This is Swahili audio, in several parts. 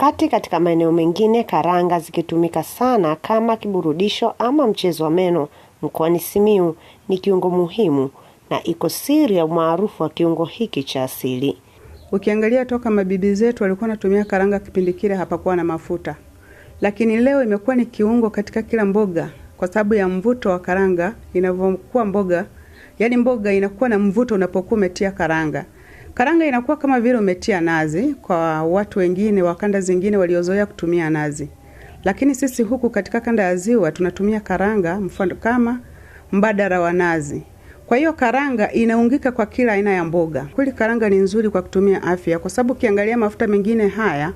Wakati katika maeneo mengine karanga zikitumika sana kama kiburudisho ama mchezo wa meno, mkoani Simiyu ni kiungo muhimu na iko siri ya umaarufu wa kiungo hiki cha asili. Ukiangalia toka mabibi zetu walikuwa wanatumia karanga, kipindi kile hapakuwa na mafuta, lakini leo imekuwa ni kiungo katika kila mboga kwa sababu ya mvuto wa karanga inavyokuwa mboga, yani mboga inakuwa na mvuto unapokuwa umetia karanga. Karanga inakuwa kama vile umetia nazi kwa watu wengine wa kanda zingine waliozoea kutumia nazi, lakini sisi huku katika kanda ya Ziwa tunatumia karanga mfano kama mbadala wa nazi. Kwa hiyo karanga inaungika kwa kila aina ya mboga. Kweli karanga ni nzuri kwa kutumia afya, kwa sababu ukiangalia mafuta mengine haya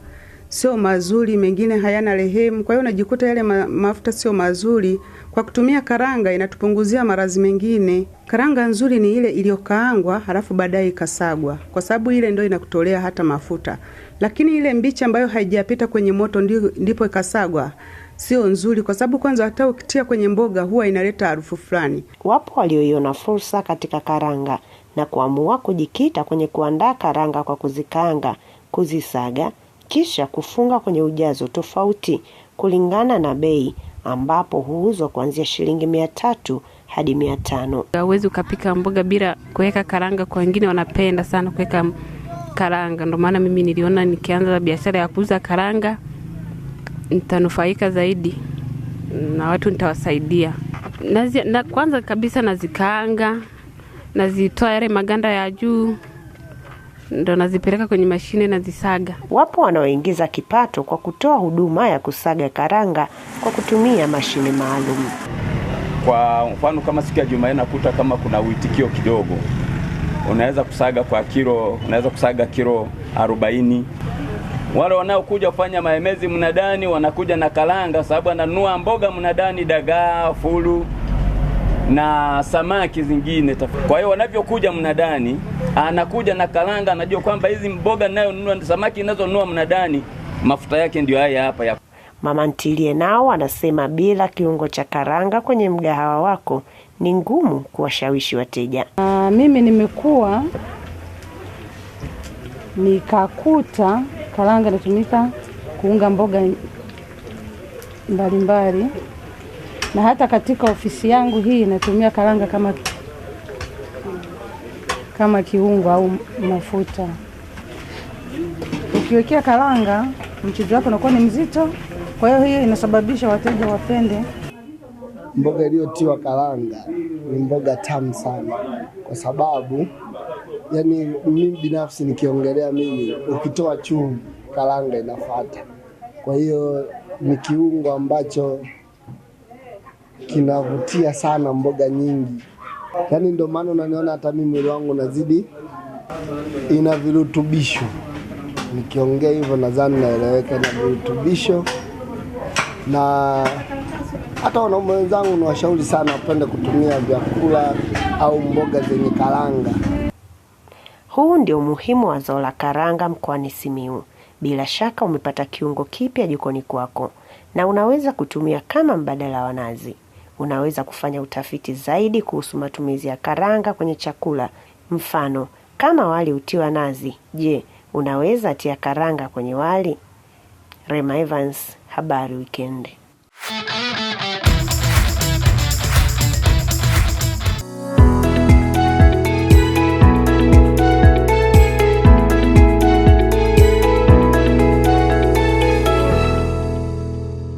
sio mazuri, mengine hayana rehemu. Kwa hiyo unajikuta yale ma mafuta sio mazuri. Kwa kutumia karanga inatupunguzia maradhi mengine. Karanga nzuri ni ile iliyokaangwa halafu baadaye ikasagwa, kwa sababu ile ndio inakutolea hata mafuta. Lakini ile mbichi ambayo haijapita kwenye moto ndipo ikasagwa sio nzuri, kwa sababu kwanza hata ukitia kwenye mboga huwa inaleta harufu fulani. Wapo walioiona fursa katika karanga na kuamua kujikita kwenye kuandaa karanga kwa kuzikaanga, kuzisaga kisha kufunga kwenye ujazo tofauti kulingana na bei ambapo huuzwa kuanzia shilingi mia tatu hadi mia tano. Hauwezi ukapika mboga bila kuweka karanga, kwa wengine wanapenda sana kuweka karanga. Ndio maana mimi niliona nikianza biashara ya kuuza karanga nitanufaika zaidi na watu nitawasaidia. Nazi, na, kwanza kabisa nazikaanga, nazitoa yale maganda ya juu ndo nazipeleka kwenye mashine nazisaga. Wapo wanaoingiza kipato kwa kutoa huduma ya kusaga karanga kwa kutumia mashine maalum. Kwa mfano kama siku ya Jumanne nakuta kama kuna uitikio kidogo, unaweza kusaga kwa kilo, unaweza kusaga kilo arobaini. Wale wanaokuja kufanya maemezi mnadani wanakuja na karanga, sababu ananua mboga mnadani, dagaa, fulu na samaki zingine. Kwa hiyo wanavyokuja mnadani, anakuja na karanga, anajua kwamba hizi mboga ninayonunua, samaki ninazonunua mnadani, mafuta yake ndio haya hapa ya. Mama ntilie nao anasema bila kiungo cha karanga kwenye mgahawa wako ni ngumu kuwashawishi wateja. Uh, mimi nimekuwa nikakuta karanga inatumika kuunga mboga mbalimbali mbali na hata katika ofisi yangu hii natumia karanga kama, kama kiungo au mafuta. Ukiwekea karanga mchuzi wako unakuwa ni mzito, kwa hiyo hiyo inasababisha wateja wapende mboga iliyotiwa karanga. Ni mboga tamu sana, kwa sababu yani mimi binafsi nikiongelea mimi, ukitoa chumvi karanga inafata Kwa hiyo ni kiungo ambacho kinavutia sana mboga nyingi, yaani ndio maana unaniona hata mimi mwili wangu unazidi, ina virutubisho. Nikiongea hivyo nadhani naeleweka, ina virutubisho na hata wanaume wenzangu ni washauri sana wapende kutumia vyakula au mboga zenye karanga. Huu ndio umuhimu wa zao la karanga mkoani Simiyu. Bila shaka umepata kiungo kipya jikoni kwako na unaweza kutumia kama mbadala wa nazi. Unaweza kufanya utafiti zaidi kuhusu matumizi ya karanga kwenye chakula. Mfano, kama wali utiwa nazi, je, unaweza tia karanga kwenye wali? Rema Evans, habari wikende